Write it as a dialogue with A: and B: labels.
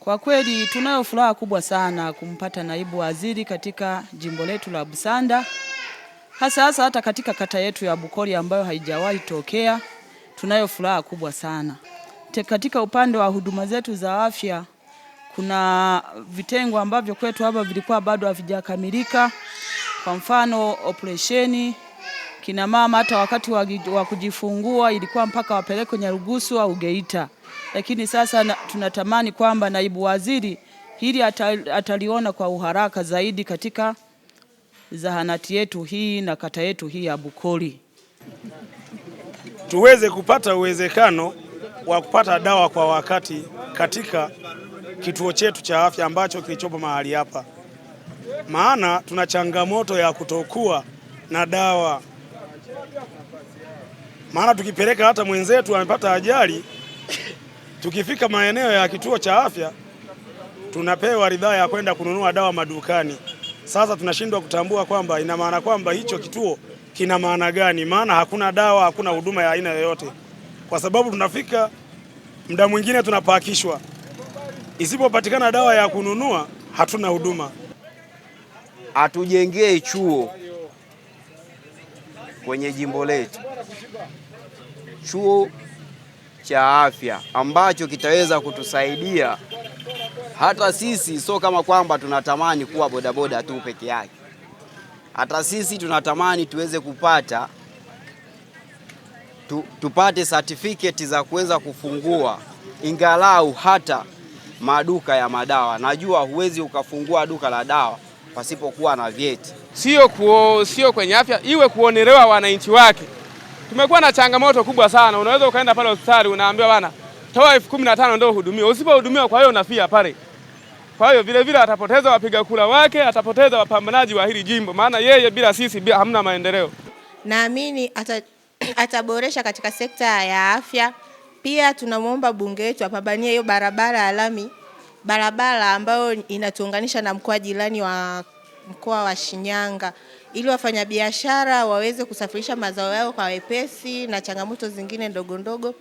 A: Kwa kweli tunayo furaha kubwa sana kumpata naibu waziri katika jimbo letu la Busanda, hasa hasa hata katika kata yetu ya Bukoli ambayo haijawahi tokea. Tunayo furaha kubwa sana Te. Katika upande wa huduma zetu za afya, kuna vitengo ambavyo kwetu hapa vilikuwa bado havijakamilika, kwa mfano operesheni Kina mama hata wakati wa kujifungua ilikuwa mpaka wapelekwe Nyarugusu au Geita, lakini sasa na, tunatamani kwamba naibu waziri hili ataliona kwa uharaka zaidi katika zahanati yetu hii na kata yetu hii ya Bukoli,
B: tuweze kupata uwezekano wa kupata dawa kwa wakati katika kituo chetu cha afya ambacho kilichopo mahali hapa, maana tuna changamoto ya kutokuwa na dawa maana tukipeleka hata mwenzetu amepata ajali, tukifika maeneo ya kituo cha afya tunapewa ridhaa ya kwenda kununua dawa madukani. Sasa tunashindwa kutambua kwamba ina maana kwamba hicho kituo kina maana gani, maana hakuna dawa, hakuna huduma ya aina yoyote, kwa sababu tunafika muda mwingine tunapakishwa, isipopatikana dawa ya kununua hatuna huduma.
C: Hatujengee chuo kwenye jimbo letu chuo cha afya ambacho kitaweza kutusaidia hata sisi. Sio kama kwamba tunatamani kuwa bodaboda tu peke yake, hata sisi tunatamani tuweze kupata tu, tupate certificate za kuweza kufungua ingalau hata maduka ya madawa. Najua huwezi ukafungua duka la dawa pasipokuwa na vyeti,
D: sio kuo, sio kwenye afya, iwe kuonelewa wananchi wake. Tumekuwa na changamoto kubwa sana. Unaweza ukaenda pale hospitali unaambiwa bana, toa elfu kumi na tano ndio uhudumiwe. Usipohudumiwa, kwa hiyo unafia pale. Kwa hiyo vile vile atapoteza wapiga kura wake, atapoteza wapambanaji wa hili jimbo, maana yeye bila sisi bila hamna maendeleo.
E: Naamini ata, ataboresha katika sekta ya afya. Pia tunamwomba bunge wetu apambanie hiyo barabara ya lami, barabara ambayo inatuunganisha na mkoa jirani wa mkoa wa Shinyanga ili wafanyabiashara waweze kusafirisha mazao yao kwa wepesi na changamoto zingine ndogo ndogo